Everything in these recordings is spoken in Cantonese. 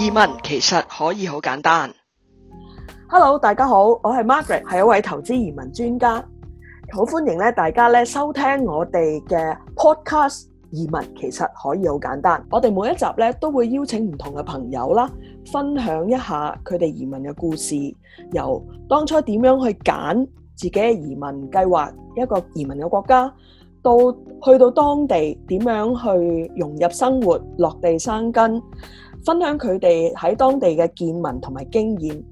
移民其實可以好簡單。Hello，大家好，我係 Margaret，係一位投資移民專家，好歡迎咧大家咧收聽我哋嘅 Podcast《移民其實可以好簡單》。我哋每一集咧都會邀請唔同嘅朋友啦，分享一下佢哋移民嘅故事，由當初點樣去揀自己嘅移民計劃，一個移民嘅國家，到去到當地點樣去融入生活、落地生根。分享佢哋喺當地嘅見聞同埋經驗，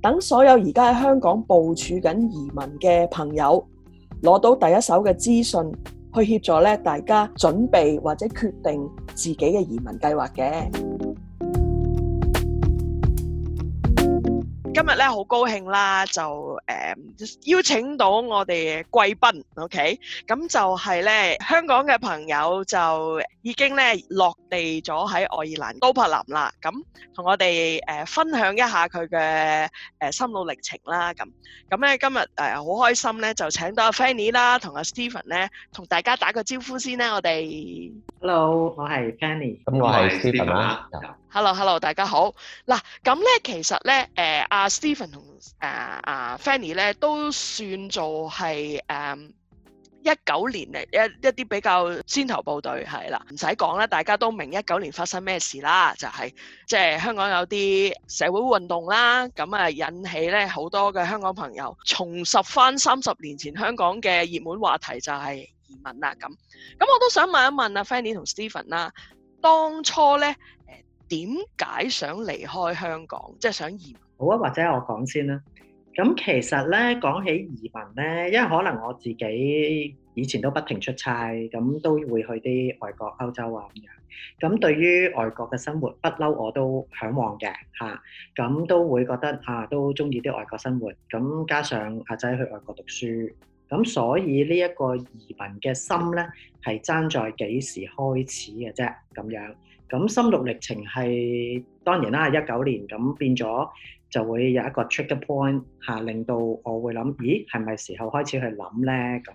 等所有而家喺香港部署緊移民嘅朋友攞到第一手嘅資訊，去協助咧大家準備或者決定自己嘅移民計劃嘅。今日咧好高興啦，就誒邀請到我哋貴賓，OK？咁就係咧香港嘅朋友就已經咧落地咗喺愛爾蘭都柏林啦，咁同我哋誒分享一下佢嘅誒心路歷程啦，咁咁咧今日誒好開心咧，就請到阿 Fanny 啦同阿 Steven 咧同大家打個招呼先啦，我哋。Hello，我係 Fanny，咁我係 Stephen 啊。Hello，Hello，hello，大家好。嗱，咁咧其實咧，誒、啊、阿 Stephen 同誒阿、啊啊、Fanny 咧都算做係誒一九年嚟一一啲比較先頭部隊係啦。唔使講啦，大家都明一九年發生咩事啦，就係、是、即係香港有啲社會運動啦，咁啊引起咧好多嘅香港朋友重拾返三十年前香港嘅熱門話題就係、是。移民啦咁，咁我都想問一問阿 Fanny 同 Stephen 啦，當初咧誒點解想離開香港，即係想移民？好啊，或者我講先啦。咁其實咧講起移民咧，因為可能我自己以前都不停出差，咁都會去啲外國、歐洲啊咁樣。咁對於外國嘅生活，不嬲我都嚮往嘅嚇，咁、啊、都會覺得嚇、啊、都中意啲外國生活。咁加上阿仔去外國讀書。咁所以呢一個移民嘅心咧，係爭在幾時開始嘅啫，咁樣。咁心路歷程係當然啦，一九年咁變咗就會有一個 trigger point 嚇、啊，令到我會諗，咦，係咪時候開始去諗咧？咁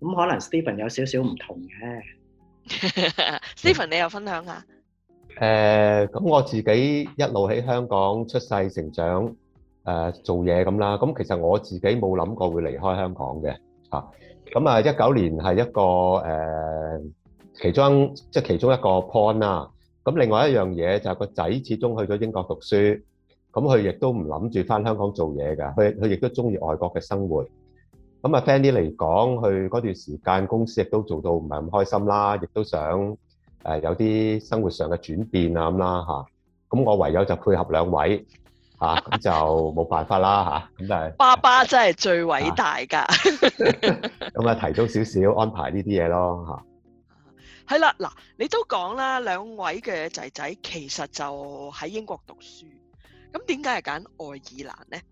咁可能 Stephen 有少少唔同嘅 ，Stephen 你又分享下？誒，咁我自己一路喺香港出世成長。誒做嘢咁啦，咁其實我自己冇諗過會離開香港嘅嚇，咁啊一九年係一個誒其中，即係其中一個 point 啦，咁另外一樣嘢就係個仔始終去咗英國讀書，咁佢亦都唔諗住翻香港做嘢嘅，佢佢亦都中意外國嘅生活，咁啊 Fanny 嚟講，佢嗰段時間公司亦都做到唔係咁開心啦，亦都想誒有啲生活上嘅轉變啊咁啦嚇，咁我唯有就配合兩位。吓咁、 啊、就冇辦法啦吓，咁、啊、但係爸爸真係最偉大噶，咁啊， 提早少少安排呢啲嘢咯吓。係、啊、啦，嗱，你都講啦，兩位嘅仔仔其實就喺英國讀書，咁點解係揀愛爾蘭咧？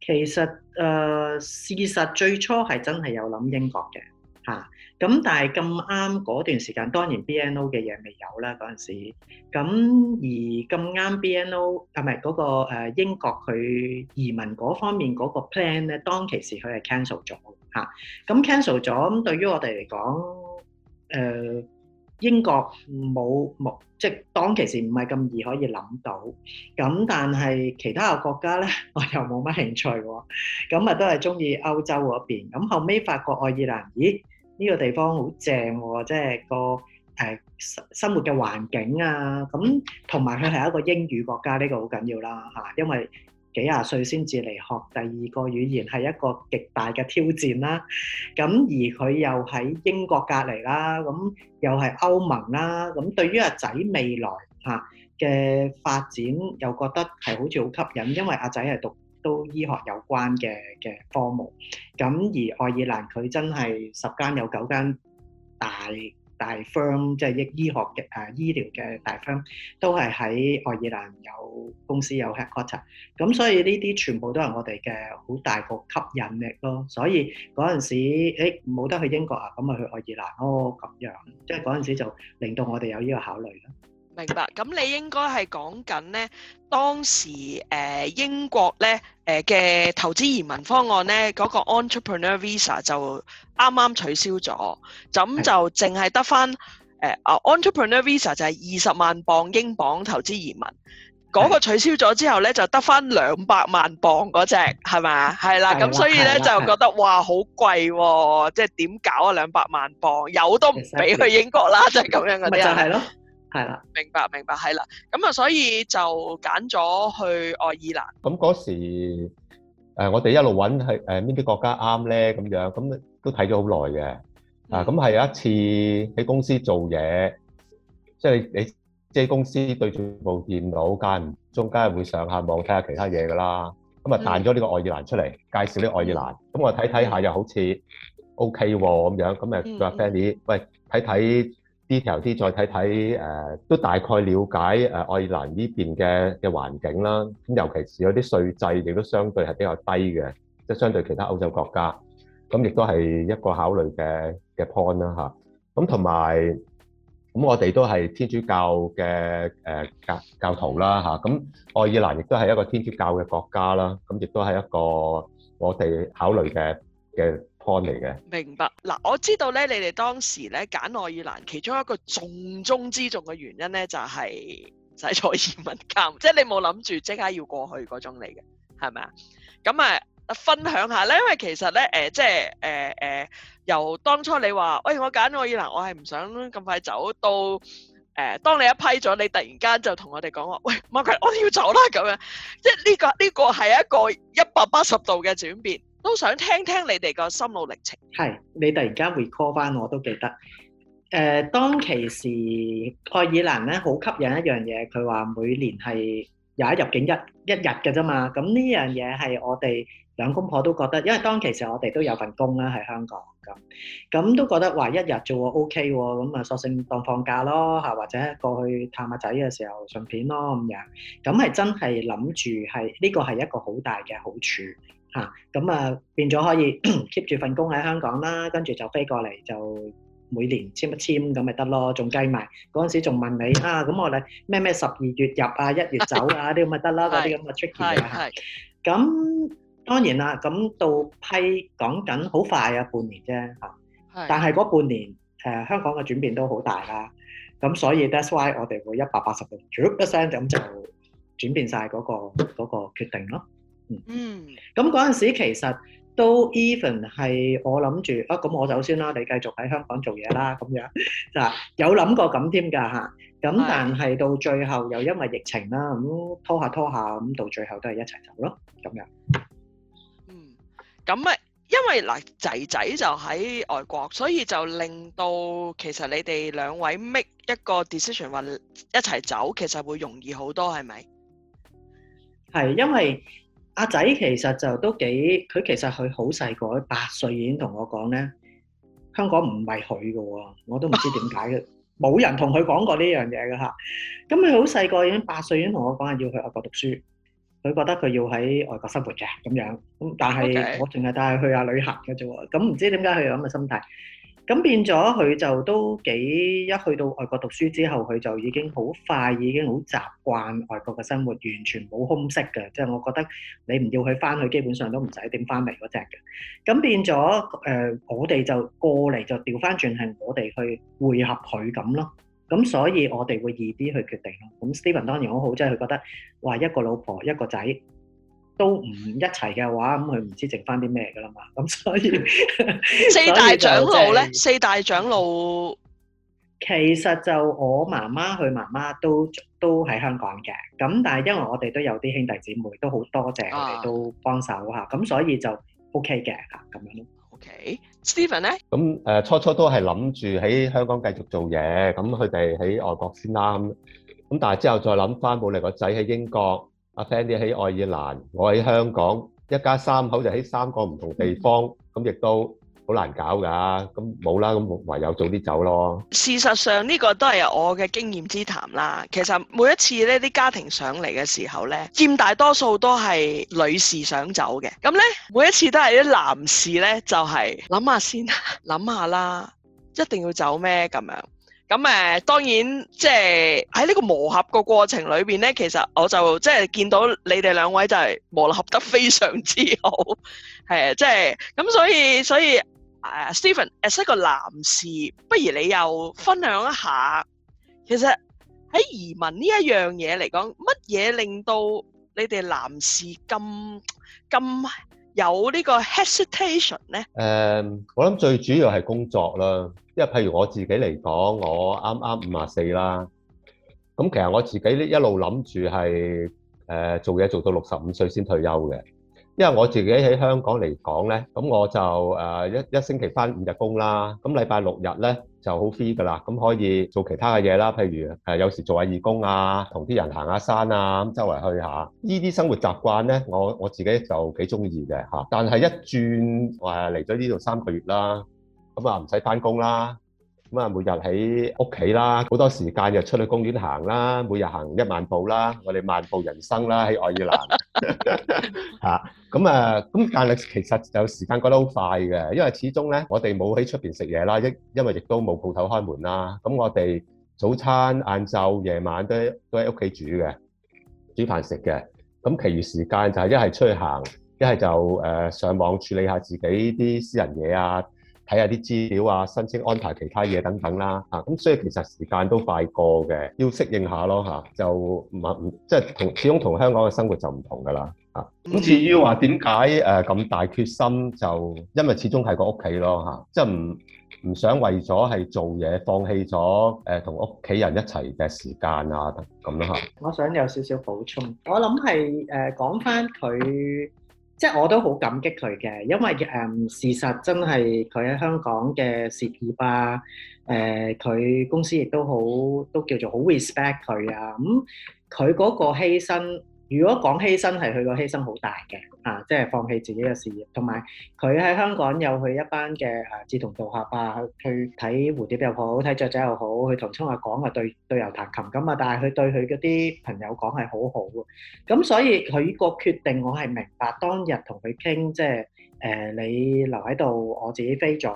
其實誒，事實最初係真係有諗英國嘅。嚇！咁但係咁啱嗰段時間，當然 BNO 嘅嘢未有啦嗰陣時。咁而咁啱 BNO 啊，唔係嗰個誒英國佢移民嗰方面嗰個 plan 咧，當其時佢係 cancel 咗嘅嚇。咁 cancel 咗咁，對於我哋嚟講，誒英國冇冇，即係當其時唔係咁易可以諗到。咁但係其他嘅國家咧，我又冇乜興趣喎。咁啊，都係中意歐洲嗰邊。咁後尾發覺愛爾蘭，咦？呢個地方好正喎、啊，即係個誒、呃、生活嘅環境啊，咁同埋佢係一個英語國家，呢、這個好緊要啦、啊、嚇，因為幾廿歲先至嚟學第二個語言係一個極大嘅挑戰啦、啊。咁而佢又喺英國隔離啦，咁又係歐盟啦、啊，咁對於阿仔未來嚇、啊、嘅發展又覺得係好似好吸引，因為阿仔係讀。都醫學有關嘅嘅科目，咁而愛爾蘭佢真係十間有九間大大 firm，即係醫醫學嘅誒、呃、醫療嘅大 firm 都係喺愛爾蘭有公司，有 headquarter，咁所以呢啲全部都係我哋嘅好大個吸引力咯。所以嗰陣時冇得、欸、去英國啊，咁咪去愛爾蘭咯，咁、哦、樣即係嗰陣時就令到我哋有呢個考慮啦。明白，咁你應該係講緊呢，當時誒、呃、英國咧誒嘅投資移民方案咧，嗰、那個 Entrepreneur Visa 就啱啱取消咗，咁是的 就淨係得返誒啊、呃、Entrepreneur Visa 就係二十萬鎊英鎊投資移民，嗰是的 個取消咗之後咧，就得返兩百萬鎊嗰隻係咪？係啦，咁的所以呢，就覺得哇好貴、喎，即係點搞啊兩百萬鎊有都唔畀去英國啦，就咁、是、樣嗰啲啊係咯。係啦，明白明白，係啦，咁啊，所以就揀咗去愛爾蘭。咁嗰時誒，我哋一路揾係誒，邊啲國家啱咧？咁樣咁都睇咗好耐嘅。啊，咁係有一次喺公司做嘢，即係你即係公司對住部電腦，間中間會上下網睇下其他嘢噶啦。咁啊，彈咗呢個愛爾蘭出嚟，介紹呢個愛爾蘭。咁我睇睇下又好似 OK 喎，咁樣咁啊，就叫阿 Fanny，喂，睇睇。detail 啲再睇睇誒，都大概了解誒、呃、愛爾蘭呢邊嘅嘅環境啦。咁尤其是有啲稅制亦都相對係比較低嘅，即係相對其他歐洲國家。咁亦都係一個考慮嘅嘅 point 啦吓，咁同埋咁我哋都係天主教嘅誒、呃、教教徒啦吓，咁、啊、愛爾蘭亦都係一個天主教嘅國家啦。咁亦都係一個我哋考慮嘅嘅 point 嚟嘅。明白，嗱，我知道咧，你哋當時咧揀愛爾蘭，其中一個重中之重嘅原因咧，就係使坐移民監，即係你冇諗住即刻要過去嗰種嚟嘅，係咪啊？咁啊、呃，分享下咧，因為其實咧，誒、呃，即係誒誒，由當初你話，喂，我揀愛爾蘭，我係唔想咁快走到誒、呃，當你一批咗，你突然間就同我哋講話，喂 Michael，我要走啦，咁樣，即係呢、呢個呢、呢個係一個一百八十度嘅轉變。都想聽聽你哋個心路歷程。係，你突然間 recall 翻，我都記得。誒、呃，當其時愛爾蘭咧好吸引一樣嘢，佢話每年係有一入境一一日嘅啫嘛。咁呢樣嘢係我哋兩公婆都覺得，因為當其時我哋都有份工啦喺、啊、香港。咁咁都覺得話一日做我 OK 咁啊，索性當放假咯吓，或者過去探下仔嘅時候順便咯咁樣。咁係真係諗住係呢個係一個好大嘅好處。咁啊，變咗可以 keep 住份工喺香港啦，跟住就飛過嚟，就每年簽一簽咁咪得咯，仲計埋嗰陣時仲問你啊，咁我哋咩咩十二月入啊，一月走啊，啲咁咪得啦，嗰啲咁嘅 tricky 嘅嚇。咁當然啦，咁到批講緊好快啊，半年啫嚇。但係嗰半年誒香港嘅轉變都好大啦，咁所以 that's why 我哋會一百八十度 jump 一聲咁就轉變曬嗰個嗰個決定咯。嗯，咁嗰陣時其實都 even 係我諗住，啊咁我走先啦，你繼續喺香港做嘢啦，咁樣嗱，有諗過咁添噶吓，咁但係到最後又因為疫情啦，咁拖下拖下，咁到最後都係一齊走咯，咁樣。嗯，咁咪，因為嗱仔仔就喺外國，所以就令到其實你哋兩位 make 一個 decision 話一齊走，其實會容易好多，係咪？係，因為。阿仔其實就都幾，佢其實佢好細個，八歲已經同我講咧，香港唔係佢㗎，我都唔知點解嘅，冇人同佢講過呢樣嘢嘅吓。咁佢好細個已經八歲已經同我講，要去外國讀書，佢覺得佢要喺外國生活嘅咁樣，咁但係我淨係帶佢去下旅行㗎啫喎，咁唔知點解佢有咁嘅心態。咁變咗佢就都幾一去到外國讀書之後，佢就已經好快已經好習慣外國嘅生活，完全冇空隙嘅，即係我覺得你唔要佢翻去，佢基本上都唔使點翻嚟嗰隻嘅。咁變咗誒，我哋就過嚟就調翻轉係我哋去會合佢咁咯。咁所以我哋會易啲去決定咯。咁 Stephen 當然好好，即係佢覺得話一個老婆一個仔。都唔一齊嘅話，咁佢唔知剩翻啲咩嘅啦嘛。咁所以四大長老咧， 就係、四大長老其實就我媽媽佢媽媽都都喺香港嘅。咁但係因為我哋都有啲兄弟姊妹都好多謝佢哋都幫手嚇，咁、啊、所以就 OK 嘅嚇咁樣。OK，Stephen、okay. 咧咁誒、呃，初初都係諗住喺香港繼續做嘢，咁佢哋喺外國先啦。咁但係之後再諗翻，冇嚟個仔喺英國。阿 friend 啲喺愛爾蘭，我喺香港，一家三口就喺三個唔同地方，咁亦都好難搞㗎。咁冇啦，咁唯有早啲走咯。事實上呢個都係我嘅經驗之談啦。其實每一次呢，啲家庭上嚟嘅時候呢，佔大多數都係女士想走嘅。咁呢，每一次都係啲男士呢，就係諗下先，諗下啦，一定要走咩咁樣？咁誒，當然即係喺呢個磨合個過程裏邊咧，其實我就即係見到你哋兩位就係磨合得非常之好，係即係咁，所以所以誒，Stephen，as a 男士，不如你又分享一下，其實喺移民呢一樣嘢嚟講，乜嘢令到你哋男士咁咁有呢個 hesitation 咧？誒，我諗最主要係工作啦，因為譬如我自己嚟講，我啱啱五十四啦，咁其實我自己一路諗住係誒做嘢做到六十五歲先退休嘅，因為我自己喺香港嚟講咧，咁我就誒一一星期返五日工啦，咁禮拜六日咧，就好 free 噶啦，咁可以做其他嘅嘢啦，譬如係有時做下義工啊，同啲人行下山啊，咁周圍去下。呢啲生活習慣咧，我我自己就幾中意嘅嚇。但係一轉誒嚟咗呢度三個月啦，咁啊唔使翻工啦，咁啊每日喺屋企啦，好多時間就出去公園行啦，每日行一萬步啦，我哋漫步人生啦喺愛爾蘭。吓，咁 啊，咁但係其實就時間過得好快嘅，因為始終咧，我哋冇喺出邊食嘢啦，因因為亦都冇鋪頭開門啦，咁我哋早餐、晏晝、夜晚都都喺屋企煮嘅，煮飯食嘅，咁其餘時間就係一係出去行，一係就誒上網處理下自己啲私人嘢啊。睇下啲資料啊，申請安排其他嘢等等啦，嚇、啊、咁所以其實時間都快過嘅，要適應下咯嚇、啊，就唔係唔即係同始終同香港嘅生活就唔同噶啦，嚇、啊。咁至於話點解誒咁大決心，就因為始終係個屋企咯嚇，即係唔唔想為咗係做嘢放棄咗誒同屋企人一齊嘅時間啊，咁咯嚇。啊啊、我想有少少補充，我諗係誒講翻佢。即係我都好感激佢嘅，因為誒、um, 事實真係佢喺香港嘅事業啊，誒、呃、佢公司亦都好都叫做好 respect 佢啊，咁佢嗰個犧牲。如果講犧牲係佢個犧牲好大嘅，啊，即係放棄自己嘅事業，同埋佢喺香港有佢一班嘅誒志同道合啊，動動去睇蝴蝶又好，睇雀仔又好，佢同春華講啊，對對牛彈琴咁啊，但係佢對佢嗰啲朋友講係好好㗎，咁所以佢個決定我係明白。當日同佢傾，即係誒、呃、你留喺度，我自己飛咗，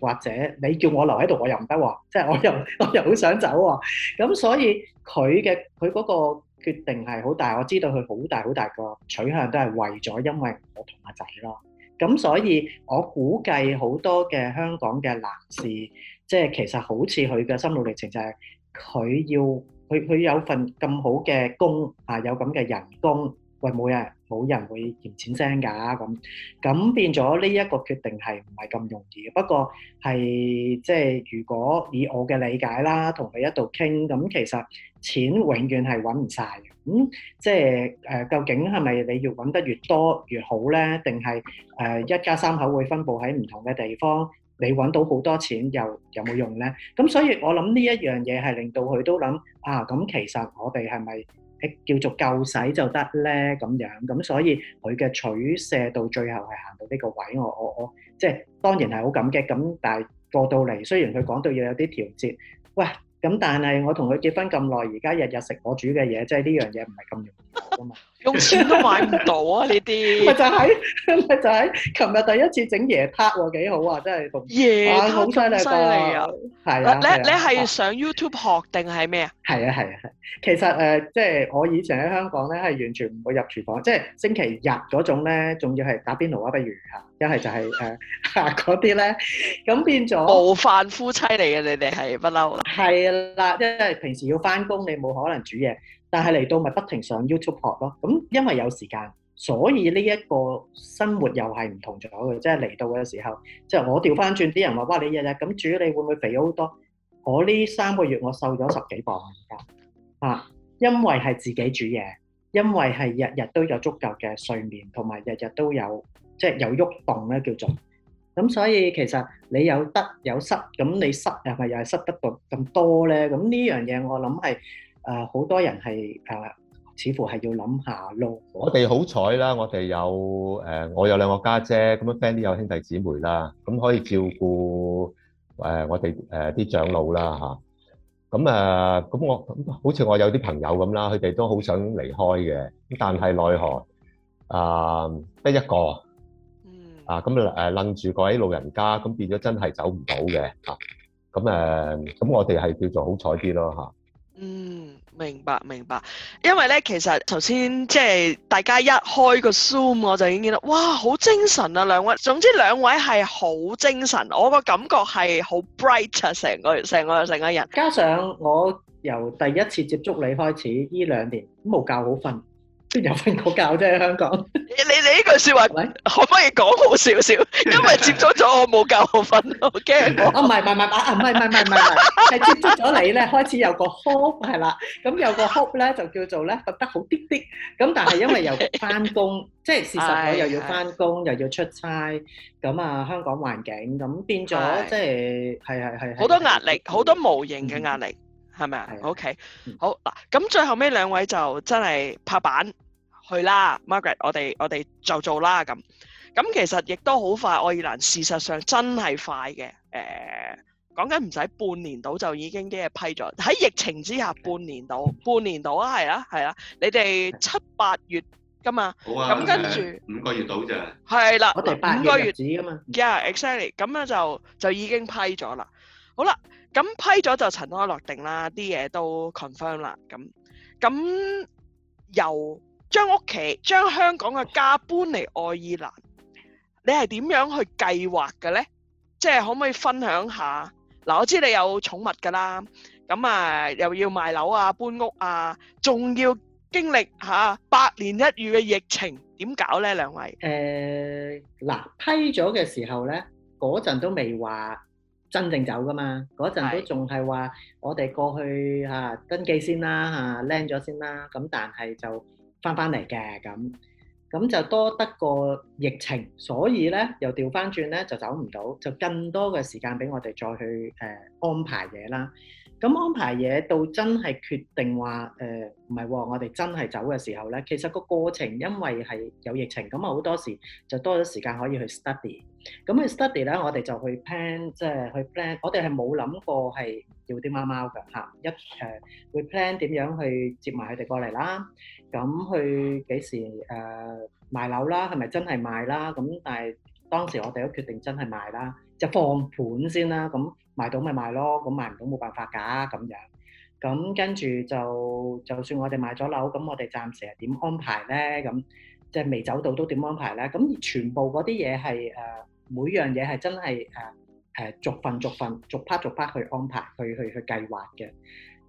或者你叫我留喺度，我又唔得喎，即係我又我又好想走喎，咁所以佢嘅佢嗰個決定係好大，我知道佢好大好大個取向都係為咗，因為我同阿仔咯。咁所以我估計好多嘅香港嘅男士，即係其實好似佢嘅心路歷程就係佢要佢佢有份咁好嘅工啊，有咁嘅人工，喂冇嘢。冇人會嫌錢聲㗎咁，咁變咗呢一個決定係唔係咁容易嘅？不過係即係如果以我嘅理解啦，同佢一度傾咁，其實錢永遠係揾唔晒嘅。嗯。咁即係誒、呃，究竟係咪你要揾得越多越好咧？定係誒一家三口會分佈喺唔同嘅地方？你揾到好多錢又有冇用咧？咁所以，我諗呢一樣嘢係令到佢都諗啊。咁其實我哋係咪？叫做夠使就得咧，咁樣咁，所以佢嘅取捨到最後係行到呢個位，我我我，即係當然係好感激咁，但係過到嚟雖然佢講到要有啲調節，喂。咁、嗯、但係我同佢結婚咁耐，而家日日食我煮嘅嘢，即係呢樣嘢唔係咁容易噶嘛， 用錢都買唔到啊呢啲。咪就係，咪就係，琴日第一次整椰撻喎，幾好啊，真係，椰塔 哇，好犀利，犀利啊！啊，你你係上 YouTube 學定係咩啊？係啊係啊，啊，啊，其實誒、呃，即係我以前喺香港咧，係完全唔會入廚房，即係星期日嗰種咧，仲要係打邊爐啊，不如一係就係誒嗰啲咧，咁、呃、變咗無飯夫妻嚟嘅，你哋係不嬲啦。係啦，因為平時要翻工，你冇可能煮嘢，但係嚟到咪不停上 YouTube 學咯。咁、嗯、因為有時間，所以呢一個生活又係唔同咗嘅。即係嚟到嘅時候，即、就、係、是、我調翻轉，啲人話哇，你日日咁煮，你會唔會肥好多？我呢三個月我瘦咗十幾磅而家！嚇、嗯，因為係自己煮嘢，因為係日日都有足夠嘅睡眠，同埋日日都有。即係有喐動咧，叫做咁，所以其實你有得有失，咁你失係咪又係失得到咁多咧？咁呢樣嘢我諗係誒好多人係誒，似乎係要諗下咯。我哋好彩啦，我哋有誒，我有兩個家姐，咁樣 friend 啲有兄弟姊妹啦，咁可以照顧誒我哋誒啲長老啦嚇。咁啊，咁我好似我有啲朋友咁啦，佢哋都好想離開嘅，但係奈何啊得一個。啊，咁誒楞住嗰位老人家，咁變咗真係走唔到嘅嚇。咁誒，咁我哋係叫做好彩啲咯嚇。嗯，明白明白。因為咧，其實頭先即係大家一開個 Zoom，我就已經見到，哇，好精神啊兩位。總之兩位係好精神，我個感覺係好 bright 啊，成個成個成個人。加上我由第一次接觸你開始，呢兩年冇覺好瞓。先又瞓個覺啫，香港。你你呢句説話可唔可以講好少少？因為接觸咗我冇覺好瞓，我驚。啊唔係唔係唔係啊唔係唔係唔係唔係，係接觸咗你咧，開始有個 hope 係啦。咁有個 hope 咧就叫做咧覺得好啲啲。咁但係因為又翻工，即係事實，我又要翻工，又要出差。咁啊，香港環境咁變咗，即係係係係好多壓力，好多無形嘅壓力，係咪啊？OK，好嗱。咁最後尾兩位就真係拍板。去啦，Margaret，我哋我哋就做啦咁。咁其實亦都好快，愛爾蘭事實上真係快嘅。誒、欸，講緊唔使半年到就已經俾佢批咗。喺疫情之下，半年到， 半年到啊，係啊，係啊，你哋七八月㗎嘛？好啊，咁跟住五個月到咋？係啦、啊，五個月止啊我哋嘛。Yeah，exactly。咁 yeah，咧、exactly，就就已經批咗啦。好啦，咁批咗就塵埃落定啦，啲嘢都 confirm 啦。咁咁又。將屋企，將香港嘅家搬嚟愛爾蘭，你係點樣去計劃嘅咧？即係可唔可以分享下？嗱，我知你有寵物噶啦，咁啊又要賣樓啊、搬屋啊，仲要經歷吓百年一遇嘅疫情，點搞咧？兩位？誒，嗱，批咗嘅時候咧，嗰陣都未話真正走噶嘛，嗰陣都仲係話我哋過去吓登記先啦，吓 learn 咗先啦，咁但係就。翻翻嚟嘅咁，咁就多得個疫情，所以咧又調翻轉咧就走唔到，就更多嘅時間俾我哋再去誒、呃、安排嘢啦。咁安排嘢到真係決定話誒，唔係喎，我哋真係走嘅時候咧，其實個過程因為係有疫情，咁啊好多時就多咗時間可以去 study。咁去 study 咧，我哋就去 plan，即係去 plan。我哋係冇諗過係要啲貓貓㗎吓，一誒會 plan 點樣去接埋佢哋過嚟啦。咁去幾時誒賣樓啦？係咪真係賣啦？咁但係當時我哋都決定真係賣啦，就放盤先啦。咁賣到咪賣咯，咁賣唔到冇辦法㗎咁樣。咁跟住就就算我哋賣咗樓，咁我哋暫時係點安排咧？咁即係未走到都點安排咧？咁全部嗰啲嘢係誒。每樣嘢係真係誒誒逐份逐份逐 part 逐 part 去安排去去去計劃嘅，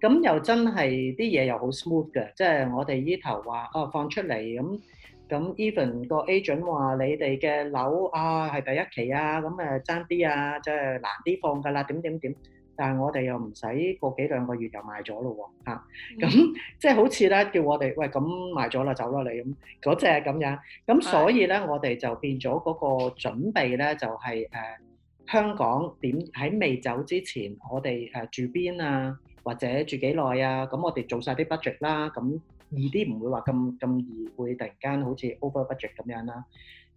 咁又真係啲嘢又好 smooth 嘅，即係我哋呢頭話哦放出嚟咁，咁 even 個 agent 話你哋嘅樓啊係第一期啊，咁誒爭啲啊即係、就是、難啲放㗎啦點點點。怎樣怎樣怎樣但係我哋又唔使個幾兩個月又賣咗咯喎，咁即係好似咧，叫我哋喂，咁賣咗啦走啦，你咁嗰隻咁樣，咁所以咧、嗯、我哋就變咗嗰個準備咧就係、是、誒、呃、香港點喺未走之前，我哋誒住邊啊或者住幾耐啊？咁、嗯、我哋做晒啲 budget 啦，咁、嗯、易啲唔會話咁咁易會突然間好似 over budget 咁樣啦。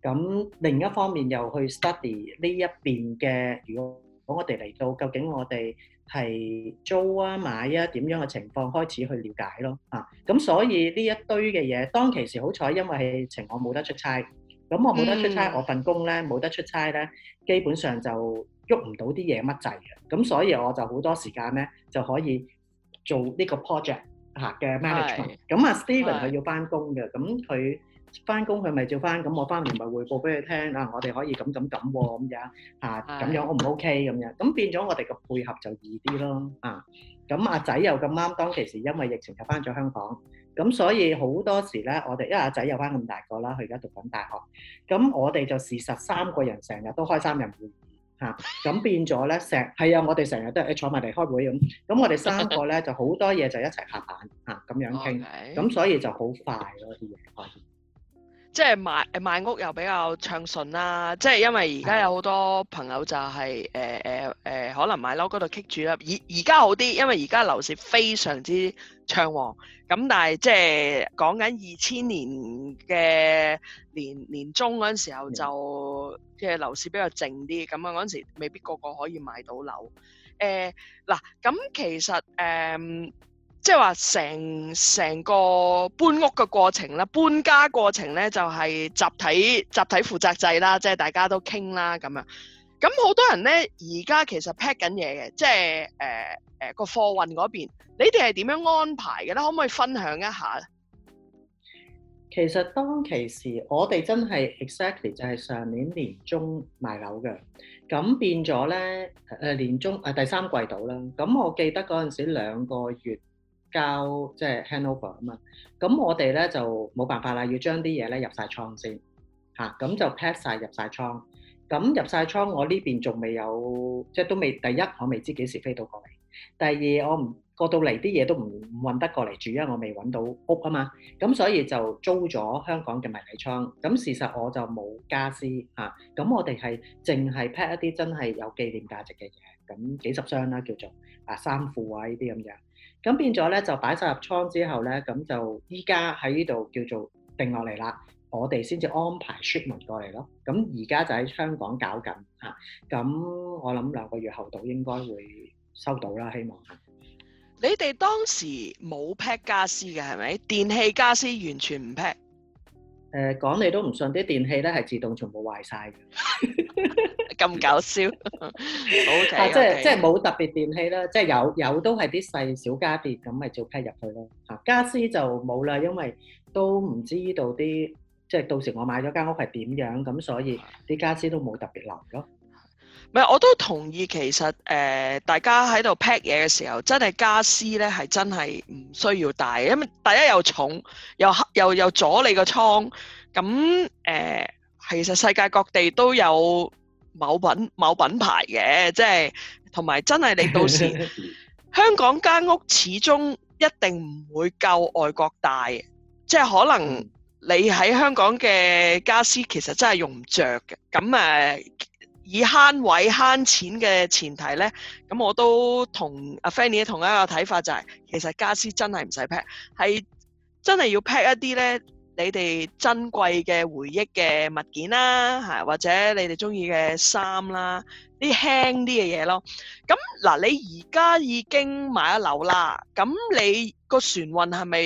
咁、嗯、另一方面又去 study 呢一邊嘅如果。我我哋嚟到，究竟我哋係租啊買啊點樣嘅情況開始去了解咯啊！咁所以呢一堆嘅嘢，當其時好彩，因為情況冇得出差，咁我冇得出差，我份工咧冇得出差咧，基本上就喐唔到啲嘢乜滯嘅，咁所以我就好多時間咧就可以做呢個 project 下嘅 management。咁啊 Stephen 佢要翻工嘅，咁佢。翻工佢咪照翻，咁我翻嚟咪匯報俾佢聽啊！我哋可以咁咁咁咁樣嚇，咁樣 O 唔 O K 咁樣好好，咁變咗我哋嘅配合就易啲咯啊！咁阿仔又咁啱，當其時因為疫情就翻咗香港，咁所以好多時咧，我哋因為阿仔又翻咁大個啦，佢而家讀緊大學，咁我哋就事實三個人成日都開三人會議嚇，咁、啊、變咗咧成係啊！我哋成日都係、欸、坐埋嚟開會咁，咁我哋三個咧就好多嘢就一齊合眼。嚇、啊、咁樣傾，咁 Okay. 所以就好快咯啲嘢即係買賣，賣屋又比較暢順啦，即係因為而家有好多朋友就係誒誒誒，可能買樓嗰度棘住啦。而而家好啲，因為而家樓市非常之暢旺。咁但係即係講緊二千年嘅年年中嗰陣時候就，就、嗯、即係樓市比較靜啲，咁啊嗰陣時未必個個可以買到樓。誒、呃、嗱，咁其實誒。嗯即係話成成個搬屋嘅過程啦，搬家過程咧就係集體集體負責制啦，即係大家都傾啦咁樣。咁好多人咧，而家其實 pack 緊嘢嘅，即係誒誒個貨運嗰邊，你哋係點樣安排嘅咧？可唔可以分享一下？其實當其時我哋真係 exactly 就係上年年中賣樓嘅，咁變咗咧誒年中誒、啊、第三季度啦。咁我記得嗰陣時兩個月。交即係 handover 啊嘛，咁我哋咧就冇辦法啦，要將啲嘢咧入晒倉先嚇，咁、啊嗯、就 pack 晒入晒倉。咁入晒倉，我呢邊仲未有，即係都未第一，我未知幾時飛到過嚟。第二，我唔過到嚟啲嘢都唔運得過嚟住，因為啊，我未揾到屋啊嘛。咁所以就租咗香港嘅迷你倉。咁、啊、事實我就冇家私嚇，咁、啊嗯、我哋係淨係 pack 一啲真係有紀念價值嘅嘢，咁、嗯、幾十箱啦，叫做啊衫褲啊呢啲咁樣。咁變咗咧，就擺晒入倉之後咧，咁就依家喺呢度叫做定落嚟啦。我哋先至安排 shipment 過嚟咯。咁而家就喺香港搞緊吓。咁、啊、我諗兩個月後度應該會收到啦，希望。你哋當時冇 pack 家私嘅係咪？電器家私完全唔 pack。誒，講你都唔信，啲電器咧係自動全部壞晒嘅，咁搞笑，好正啊！即係即係冇特別電器啦，即係有有都係啲細小家電咁咪照批入去咯嚇，家私就冇啦，因為都唔知道啲即係到時我買咗間屋係點樣，咁所以啲家私都冇特別留意咯。唔係，我都同意。其實誒、呃，大家喺度 pack 嘢嘅時候，真係家私咧係真係唔需要帶，因為第一又重，又又又阻你個倉。咁誒、呃，其實世界各地都有某品某品牌嘅，即係同埋真係你到時 香港間屋始終一定唔會夠外國大，即係可能你喺香港嘅家私其實真係用唔着嘅。咁誒。呃以慳位慳錢嘅前提咧，咁我都同阿 Fanny 同一個睇法，就係，就係其實家私真係唔使 pack，係真係要 pack 一啲咧你哋珍貴嘅回憶嘅物件啦，嚇或者你哋中意嘅衫啦，啲輕啲嘅嘢咯。咁嗱，你而家已經買咗樓啦，咁你個船運係咪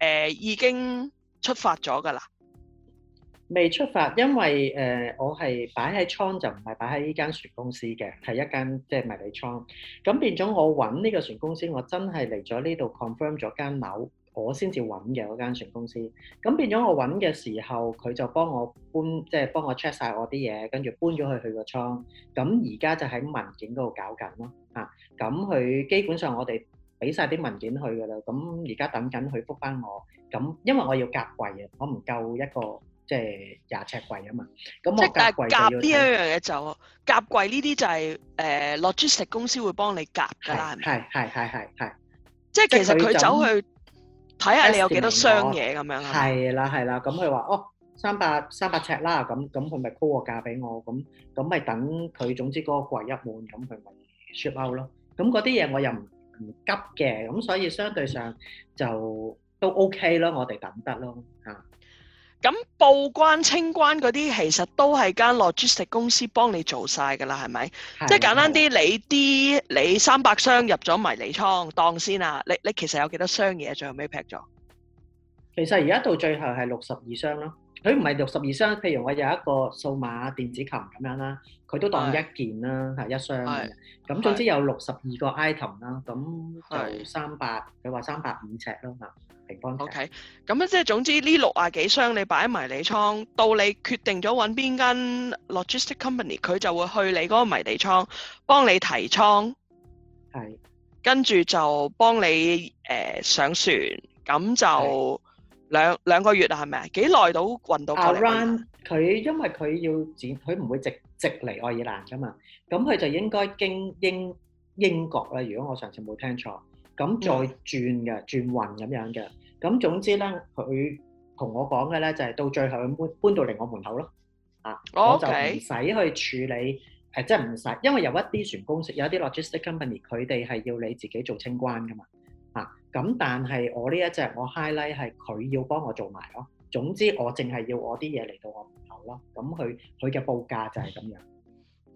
誒已經出發咗㗎啦？未出發，因為誒、呃，我係擺喺倉就唔係擺喺呢間船公司嘅，係一間即係、就是、迷你倉。咁變咗我揾呢個船公司，我真係嚟咗呢度 confirm 咗間樓，我先至揾嘅嗰間船公司。咁變咗我揾嘅時候，佢就幫我搬，即、就、係、是、幫我 check 晒我啲嘢，跟住搬咗去佢個倉。咁而家就喺文件嗰度搞緊咯，啊，咁佢基本上我哋俾晒啲文件去㗎啦。咁而家等緊佢覆返我。咁因為我要夾櫃啊，我唔夠一個。即係廿尺櫃啊嘛，咁我即係但係夾呢兩樣嘢就夾櫃呢啲就係誒，落專線公司會幫你夾噶係係係係係，即係其實佢走去睇下你有幾多箱嘢咁樣啦。係啦係啦，咁佢話哦，三百三百尺啦，咁咁佢咪鋪個價俾我，咁咁咪等佢，總之嗰個櫃一滿，咁佢咪 ship out 咯。咁嗰啲嘢我又唔唔急嘅，咁所以相對上就都 OK 咯，我哋等得咯吓。咁報關清關嗰啲，其實都係間 logistic 公司幫你做晒㗎喇，係咪？的即係簡單啲，你啲你三百箱入咗迷你倉當先啊，你你其實有幾多箱嘢最後尾劈咗？其實而家到最後係六十二箱咯。佢唔係六十二箱，譬如我有一個數碼電子琴咁樣啦，佢都當一件啦，係是一箱。係是。咁總之有六十二個 item 啦，咁是就三百，佢話三百五尺啦，嚇，平方 O K. 咁咧即係總之呢六啊幾箱你擺喺迷你倉，到你決定咗揾邊間 logistic company，佢就會去你嗰個迷你倉幫你提倉，係是。跟住就幫你誒、呃、上船，咁就。兩兩個月啦，係咪？幾耐到運到過嚟？阿 Run 佢因為佢要轉，佢唔會直直嚟愛爾蘭噶嘛。咁佢就應該經英英國啦。如果我上次冇聽錯，咁再轉嘅轉運咁樣嘅。咁總之咧，佢同我講嘅咧就係、是、到最後搬搬到嚟我門口咯。啊、哦，我就唔使去處理誒，即係唔使，okay、因為有一啲船公司，有一啲 logistics company，佢哋係要你自己做清關噶嘛。咁但係我呢一隻我 highlight 係佢要幫我做埋咯，總之我淨係要我啲嘢嚟到我門口咯。咁佢佢嘅報價就係咁樣。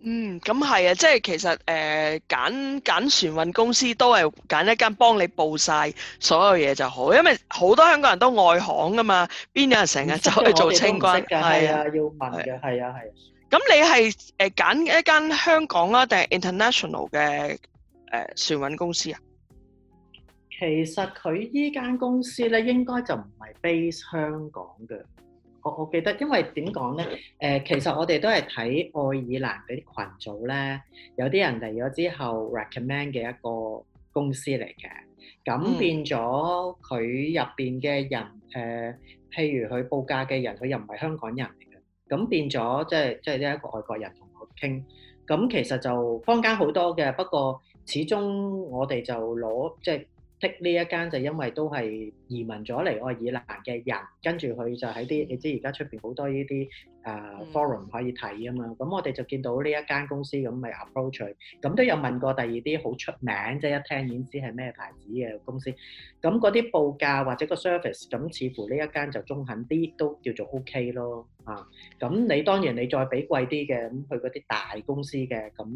嗯，咁係啊，即係其實誒揀揀船運公司都係揀一間幫你報曬所有嘢就好，因為好多香港人都外行㗎嘛，邊有人成日走去做清關？係啊，要問嘅係啊係啊。咁你係誒揀一間香港啊定係 international 嘅誒船運公司啊？其實佢依間公司咧，應該就唔係 base 香港嘅。我我記得，因為點講咧？誒，其實我哋都係睇愛爾蘭嗰啲羣組咧，有啲人嚟咗之後 recommend 嘅一個公司嚟嘅。咁變咗佢入邊嘅人，誒，譬如佢報價嘅人，佢又唔係香港人嚟嘅。咁變咗，即係即係呢一個外國人同我傾。咁其實就坊間好多嘅，不過始終我哋就攞即係。剔呢一間就因為都係移民咗嚟愛爾蘭嘅人，跟住佢就喺啲你知而家出面好多呢啲啊 forum 可以睇啊嘛，咁我哋就見到呢一間公司咁咪 approach 佢，咁都有問過第二啲好出名，即係一聽已經知係咩牌子嘅公司，咁嗰啲報價或者個 service，咁似乎呢一間就中肯啲，都叫做 OK 咯，啊，咁你當然你再俾貴啲嘅，咁去嗰啲大公司嘅，咁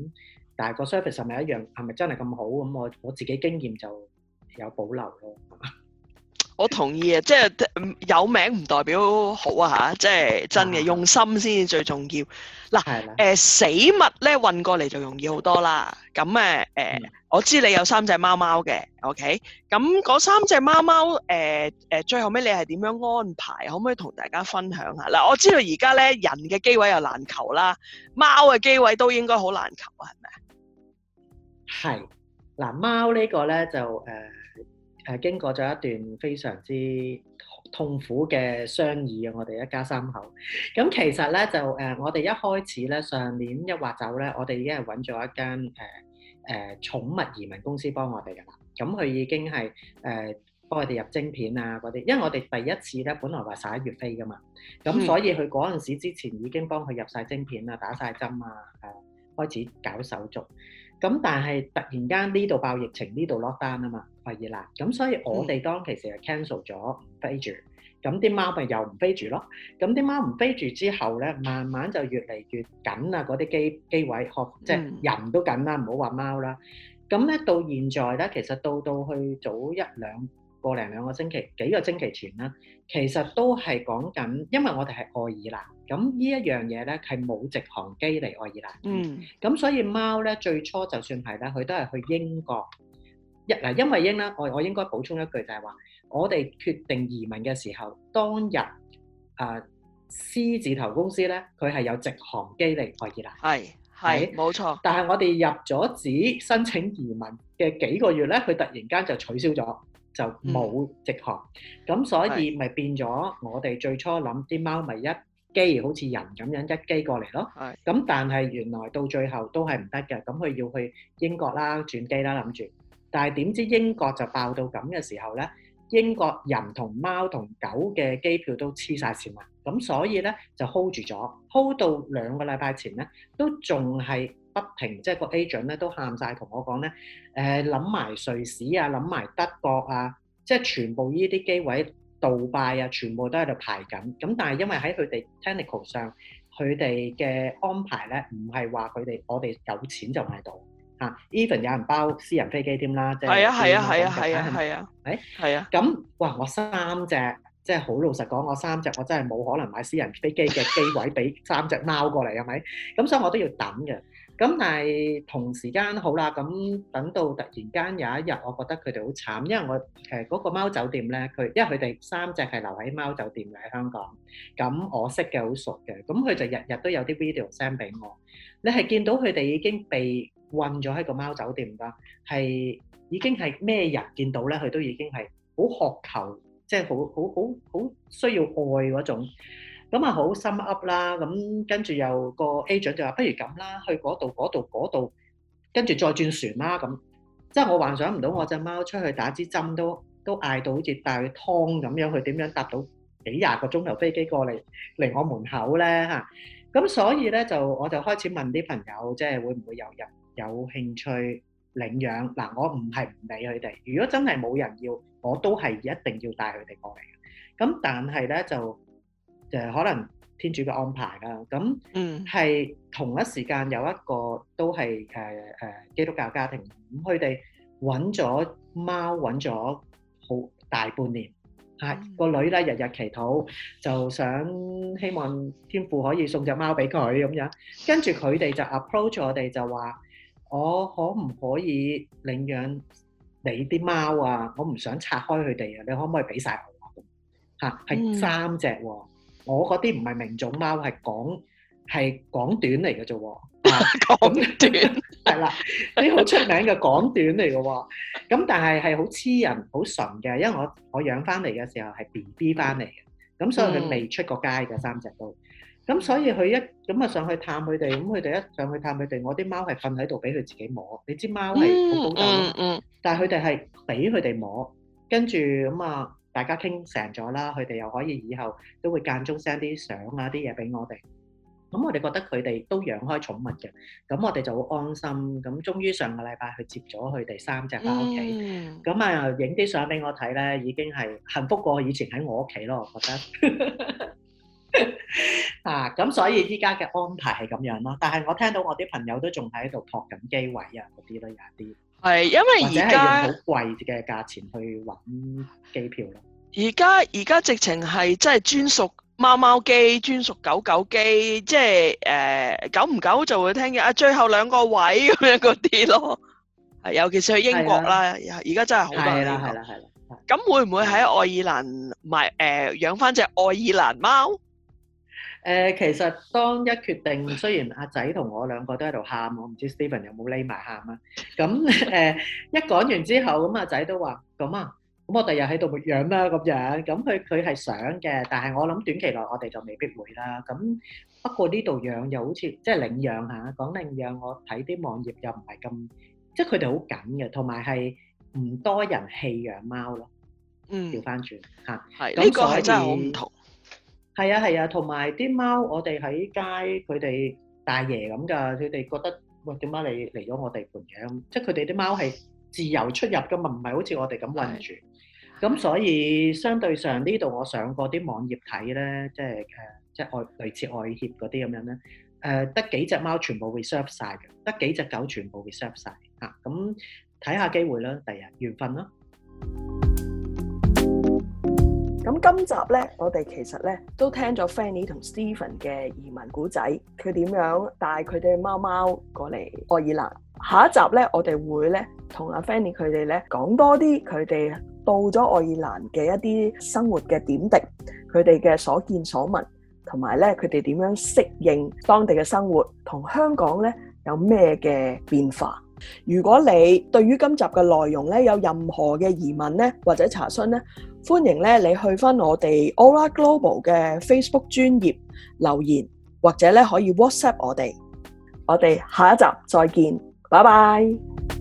但係個 service 係咪一樣，係咪真係咁好？咁我我自己經驗就～有保留咯， 我同意啊！即係有名唔代表好啊吓，即係真嘅，啊、用心先至最重要。嗱，誒嗎、呃、死物咧運過嚟就容易好多啦。咁誒，誒、呃，嗯、我知你有三隻貓貓嘅，OK？咁嗰三隻貓貓，誒、呃、誒，最後尾你係點樣安排？可唔可以同大家分享下？嗱，我知道而家咧人嘅機位又難求啦，貓嘅機位都應該好難求啊，係咪啊？係，嗱，貓呢個咧就誒。就呃呃係經過咗一段非常之痛苦嘅商議啊！我哋一家三口，咁其實咧就誒、呃，我哋一開始咧上年一劃走咧，我哋已經係揾咗一間誒誒寵物移民公司幫我哋㗎啦。咁佢已經係誒幫我哋入晶片啊嗰啲，因為我哋第一次咧，本來話十一月飛㗎嘛，咁所以佢嗰陣時之前已經幫佢入晒晶片啊、打晒針啊、誒、呃。開始搞手續，咁但係突然間呢度爆疫情，呢度落單啊嘛，愛爾蘭，咁所以我哋當其時係 cancel 咗飛住，咁啲貓咪又唔飛住咯，咁啲貓唔飛住之後咧，慢慢就越嚟越緊啊，嗰啲機機位，即係人都緊啦，唔好話貓啦，咁咧到現在咧，其實到到去早一兩個零兩個星期幾個星期前啦，其實都係講緊，因為我哋係愛爾蘭。咁呢一樣嘢咧，係冇直航機嚟愛爾蘭。嗯，咁所以貓咧最初就算係咧，佢都係去英國入嗱，因為英咧，我我應該補充一句就係話，我哋決定移民嘅時候當日啊，獅子頭公司咧，佢係有直航機嚟愛爾蘭。係，係冇錯，但係我哋入咗紙申請移民嘅幾個月咧，佢突然間就取消咗，就冇直航。咁所以咪變咗，我哋最初諗啲貓咪一機好似人咁樣一機過嚟咯，咁的但係原來到最後都係唔得嘅，咁佢要去英國啦，轉機啦，諗住，但係點知英國就爆到咁嘅時候咧，英國人同貓同狗嘅機票都黐晒線啊！咁所以咧就 hold 住咗，hold 到兩個禮拜前咧都仲係不停，即係個 agent 咧都喊晒同我講咧，誒諗埋瑞士啊，諗埋德國啊，即係全部呢啲機位。杜拜啊，全部都喺度排緊，咁但係因為喺佢哋 technical 上，佢哋嘅安排咧，唔係話佢哋我哋有錢就買到嚇，even、啊、有人包私人飛機添啦，係啊係啊係啊係啊係啊，係啊咁、啊啊、哇，我三隻，即係好老實講，我三隻我真係冇可能買私人飛機嘅機位俾三隻貓過嚟，係咪？咁 所以我都要等嘅。咁但係同時間好啦，咁等到突然間有一日，我覺得佢哋好慘，因為我誒嗰個貓酒店咧，佢因為佢哋三隻係留喺貓酒店嘅喺香港，咁我識嘅好熟嘅，咁佢就日日都有啲 video send 俾我，你係見到佢哋已經被困咗喺個貓酒店㗎，係已經係咩人見到咧？佢都已經係好渴求，即係好好好好需要愛嗰種。咁啊，好心噏啦！咁跟住又個 agent 就話：不如咁啦，去嗰度、嗰度、嗰度，跟住再轉船啦！咁即係我幻想唔到，我隻貓出去打支針都都嗌到好似帶佢去劏咁樣，佢點樣搭到幾廿個鐘頭飛機過嚟嚟我門口咧嚇！咁所以咧就我就開始問啲朋友，即係會唔會有人有興趣領養嗱？我唔係唔理佢哋，如果真係冇人要，我都係一定要帶佢哋過嚟。咁但係咧就。就可能天主嘅安排啦，咁係同一時間有一個都係誒誒基督教家庭，咁佢哋揾咗貓揾咗好大半年，吓，個女咧日日祈禱，就想希望天父可以送隻貓俾佢咁樣，跟住佢哋就 approach 我哋就話：我可唔可以領養你啲貓啊？我唔想拆開佢哋啊，你可唔可以俾晒我？吓，係三隻喎。我嗰啲唔係名種貓，係港係港短嚟嘅啫喎，港、uh, 短係啦，啲好 出名嘅港短嚟嘅喎，咁但係係好黐人，好純嘅，因為我我養翻嚟嘅時候係 B B 翻嚟嘅，咁、嗯、所以佢未出過街嘅、嗯、三隻都，咁所以佢一咁啊上去探佢哋，咁佢哋一上去探佢哋，我啲貓係瞓喺度俾佢自己摸，你知貓係好高竇，嗯嗯、但係佢哋係俾佢哋摸，跟住咁啊。大家傾成咗啦，佢哋又可以以後都會間中 send 啲相啊啲嘢俾我哋，咁我哋覺得佢哋都養開寵物嘅，咁我哋就好安心。咁終於上個禮拜去接咗佢哋三隻翻屋企，咁啊影啲相俾我睇咧，已經係幸福過以前喺我屋企咯，我覺得。啊，咁所以依家嘅安排係咁樣咯，但係我聽到我啲朋友都仲喺度撲緊機位啊，嗰啲囉，有啲。係，因為而家好貴嘅價錢去揾機票，而家而家直情係真係專屬貓貓機、專屬狗狗機，即係誒、呃、久唔久就會聽啊，最後兩個位咁樣嗰啲咯。係，尤其是去英國啦，而家、啊、真係好貴。係啦、啊，係啦、啊，係啦、啊。咁、啊、會唔會喺愛爾蘭買誒、呃、養翻隻愛爾蘭貓？誒，其實當一決定，雖然阿仔同我兩個都喺度喊，我唔知 Stephen 有冇匿埋喊啊。咁誒，一講完之後，咁阿仔都話，咁啊，咁我第日喺度養啦。咁樣，咁佢佢係想嘅，但係我諗短期內我哋就未必會啦。咁不過呢度養又好似即係領養吓，講領養，我睇啲網頁又唔係咁，即係佢哋好緊嘅，同埋係唔多人棄養貓咯。嗯，調翻轉吓，係。咁所以。係啊，係啊，同埋啲貓我，我哋喺街佢哋大爺咁噶，佢哋覺得喂，點解你嚟咗我哋盤嘅？即係佢哋啲貓係自由出入噶嘛，唔係好似我哋咁韞住。咁的所以相對上呢度，我上過啲網頁睇咧，即係誒、呃、即係類似愛協嗰啲咁樣咧，誒、呃、得幾隻貓全部 reserve 曬嘅，得幾隻狗全部 reserve 曬嚇。咁睇下機會啦，第二日緣分啦。咁今集呢，我哋其實呢都聽咗 Fanny 同 Stephen 嘅移民古仔，佢點樣帶佢哋貓貓過嚟愛爾蘭。下一集呢，我哋會呢同阿 Fanny 佢哋呢講多啲佢哋到咗愛爾蘭嘅一啲生活嘅點滴，佢哋嘅所見所聞，同埋呢佢哋點樣適應當地嘅生活，同香港呢有咩嘅變化？如果你對於今集嘅內容呢有任何嘅疑問呢，或者查詢呢，歡迎咧，你去翻我哋 Aura Global 嘅 Facebook 專頁留言，或者咧可以 WhatsApp 我哋，我哋下一集再見，拜拜。